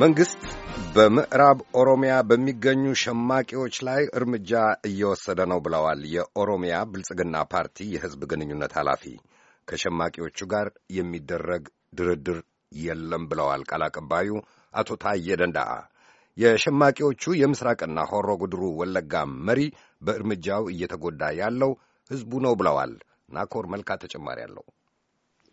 መንግሥት በምዕራብ ኦሮሚያ በሚገኙ ሸማቂዎች ላይ እርምጃ እየወሰደ ነው ብለዋል የኦሮሚያ ብልጽግና ፓርቲ የሕዝብ ግንኙነት ኃላፊ። ከሸማቂዎቹ ጋር የሚደረግ ድርድር የለም ብለዋል ቃል አቀባዩ አቶ ታዬ ደንዳአ። የሸማቂዎቹ የምስራቅና ሆሮ ጉድሩ ወለጋ መሪ በእርምጃው እየተጎዳ ያለው ሕዝቡ ነው ብለዋል። ናኮር መልካ ተጨማሪ አለው።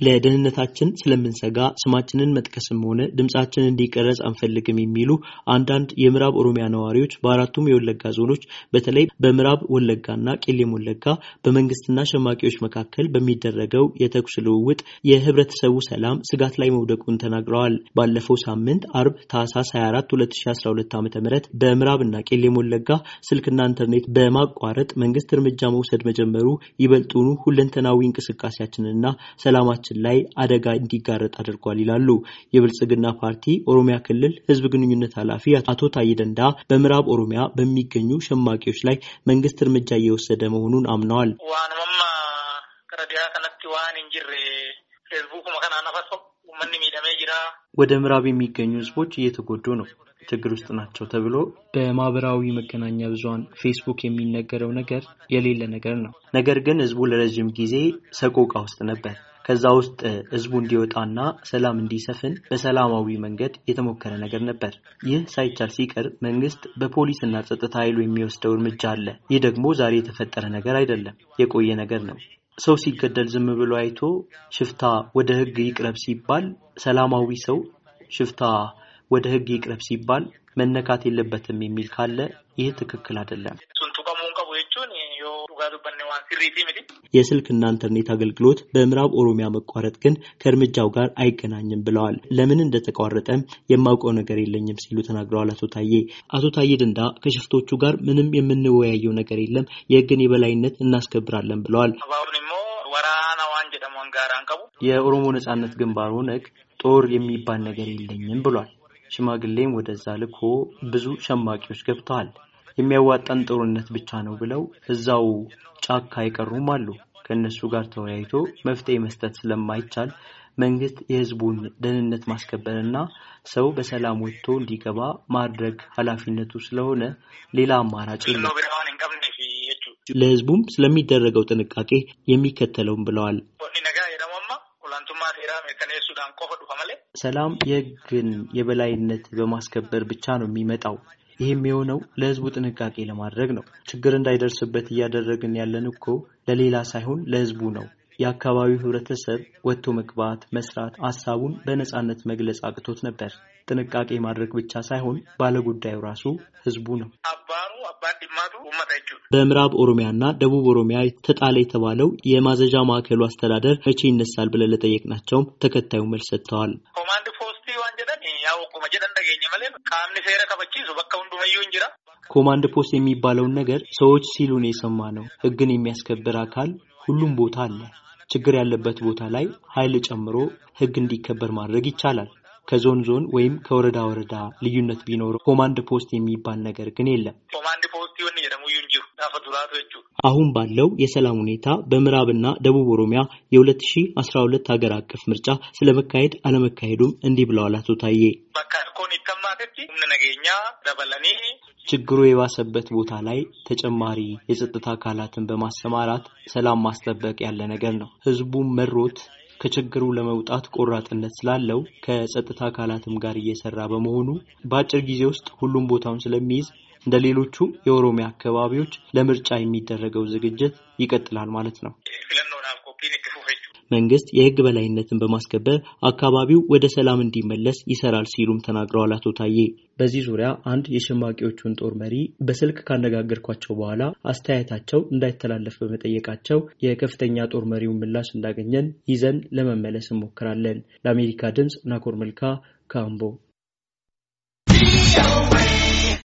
ለደህንነታችን ስለምንሰጋ ስማችንን መጥቀስም ሆነ ድምፃችን እንዲቀረጽ አንፈልግም የሚሉ አንዳንድ የምዕራብ ኦሮሚያ ነዋሪዎች በአራቱም የወለጋ ዞኖች በተለይ በምዕራብ ወለጋና ቄሌም ወለጋ በመንግስትና ሸማቂዎች መካከል በሚደረገው የተኩስ ልውውጥ የህብረተሰቡ ሰላም ስጋት ላይ መውደቁን ተናግረዋል። ባለፈው ሳምንት አርብ ታህሳስ 24 2012 ዓ ም በምዕራብና ቄሌም ወለጋ ስልክና ኢንተርኔት በማቋረጥ መንግስት እርምጃ መውሰድ መጀመሩ ይበልጡኑ ሁለንተናዊ እንቅስቃሴያችንና ሰላማችን በህዝባችን ላይ አደጋ እንዲጋረጥ አድርጓል ይላሉ። የብልጽግና ፓርቲ ኦሮሚያ ክልል ህዝብ ግንኙነት ኃላፊ አቶ ታዬ ደንዳ በምዕራብ ኦሮሚያ በሚገኙ ሸማቂዎች ላይ መንግስት እርምጃ እየወሰደ መሆኑን አምነዋል። ወደ ምዕራብ የሚገኙ ህዝቦች እየተጎዱ ነው ችግር ውስጥ ናቸው ተብሎ በማህበራዊ መገናኛ ብዙን ፌስቡክ የሚነገረው ነገር የሌለ ነገር ነው። ነገር ግን ህዝቡ ለረዥም ጊዜ ሰቆቃ ውስጥ ነበር። ከዛ ውስጥ ህዝቡ እንዲወጣና ሰላም እንዲሰፍን በሰላማዊ መንገድ የተሞከረ ነገር ነበር። ይህ ሳይቻል ሲቀር መንግስት በፖሊስና ጸጥታ ኃይሉ የሚወስደው እርምጃ አለ። ይህ ደግሞ ዛሬ የተፈጠረ ነገር አይደለም፣ የቆየ ነገር ነው። ሰው ሲገደል ዝም ብሎ አይቶ ሽፍታ ወደ ህግ ይቅረብ ሲባል፣ ሰላማዊ ሰው ሽፍታ ወደ ህግ ይቅረብ ሲባል መነካት የለበትም የሚል ካለ ይህ ትክክል አይደለም። የስልክና ኢንተርኔት አገልግሎት በምዕራብ ኦሮሚያ መቋረጥ ግን ከእርምጃው ጋር አይገናኝም ብለዋል። ለምን እንደተቋረጠም የማውቀው ነገር የለኝም ሲሉ ተናግረዋል። አቶ ታዬ አቶ ታዬ ድንዳ ከሽፍቶቹ ጋር ምንም የምንወያየው ነገር የለም፣ የህግን የበላይነት እናስከብራለን ብለዋል። የኦሮሞ ነጻነት ግንባር ኦነግ ጦር የሚባል ነገር የለኝም ብሏል። ሽማግሌም ወደዛ ልኮ ብዙ ሸማቂዎች ገብተዋል። የሚያዋጣን ጦርነት ብቻ ነው ብለው እዛው ጫካ አይቀሩም አሉ። ከእነሱ ጋር ተወያይቶ መፍትሄ መስጠት ስለማይቻል መንግስት የህዝቡን ደህንነት ማስከበርና ሰው በሰላም ወጥቶ እንዲገባ ማድረግ ኃላፊነቱ ስለሆነ ሌላ አማራጭ የለም። ለህዝቡም ስለሚደረገው ጥንቃቄ የሚከተለውም ብለዋል። ሰላም የህግን የበላይነት በማስከበር ብቻ ነው የሚመጣው። ይህም የሆነው ለህዝቡ ጥንቃቄ ለማድረግ ነው። ችግር እንዳይደርስበት እያደረግን ያለን እኮ ለሌላ ሳይሆን ለህዝቡ ነው። የአካባቢው ህብረተሰብ ወጥቶ መግባት፣ መስራት፣ ሀሳቡን በነፃነት መግለጽ አቅቶት ነበር። ጥንቃቄ ማድረግ ብቻ ሳይሆን ባለጉዳዩ ራሱ ህዝቡ ነው። በምዕራብ ኦሮሚያና ደቡብ ኦሮሚያ ተጣለ የተባለው የማዘዣ ማዕከሉ አስተዳደር መቼ ይነሳል ብለን ለጠየቅናቸውም ተከታዩ መልስ ሰጥተዋል። ያው ቁመ ጀደን ደገኘ መለ ቃምኒ ሴረ ከበቺሱ በከ ሁንዱመዩ እንጅራ ኮማንድ ፖስት የሚባለውን ነገር ሰዎች ሲሉ ነው የሰማ ነው። ህግን የሚያስከብር አካል ሁሉም ቦታ አለ። ችግር ያለበት ቦታ ላይ ኃይል ጨምሮ ህግ እንዲከበር ማድረግ ይቻላል። ከዞን ዞን ወይም ከወረዳ ወረዳ ልዩነት ቢኖር ኮማንድ ፖስት የሚባል ነገር ግን የለም። አሁን ባለው የሰላም ሁኔታ በምዕራብና ደቡብ ኦሮሚያ የ2012 ሀገር አቀፍ ምርጫ ስለመካሄድ አለመካሄዱም እንዲህ ብለዋል አቶ ታዬ። ችግሩ የባሰበት ቦታ ላይ ተጨማሪ የጸጥታ አካላትን በማሰማራት ሰላም ማስጠበቅ ያለ ነገር ነው። ህዝቡም መሮት ከችግሩ ለመውጣት ቆራጥነት ስላለው ከጸጥታ አካላትም ጋር እየሰራ በመሆኑ በአጭር ጊዜ ውስጥ ሁሉም ቦታውን ስለሚይዝ እንደ ሌሎቹ የኦሮሚያ አካባቢዎች ለምርጫ የሚደረገው ዝግጅት ይቀጥላል ማለት ነው። መንግስት የህግ በላይነትን በማስከበር አካባቢው ወደ ሰላም እንዲመለስ ይሰራል ሲሉም ተናግረዋል። አቶ ታዬ በዚህ ዙሪያ አንድ የሸማቂዎቹን ጦር መሪ በስልክ ካነጋገርኳቸው በኋላ አስተያየታቸው እንዳይተላለፍ በመጠየቃቸው የከፍተኛ ጦር መሪውን ምላሽ እንዳገኘን ይዘን ለመመለስ እንሞክራለን። ለአሜሪካ ድምፅ ናኮር መልካ ካምቦ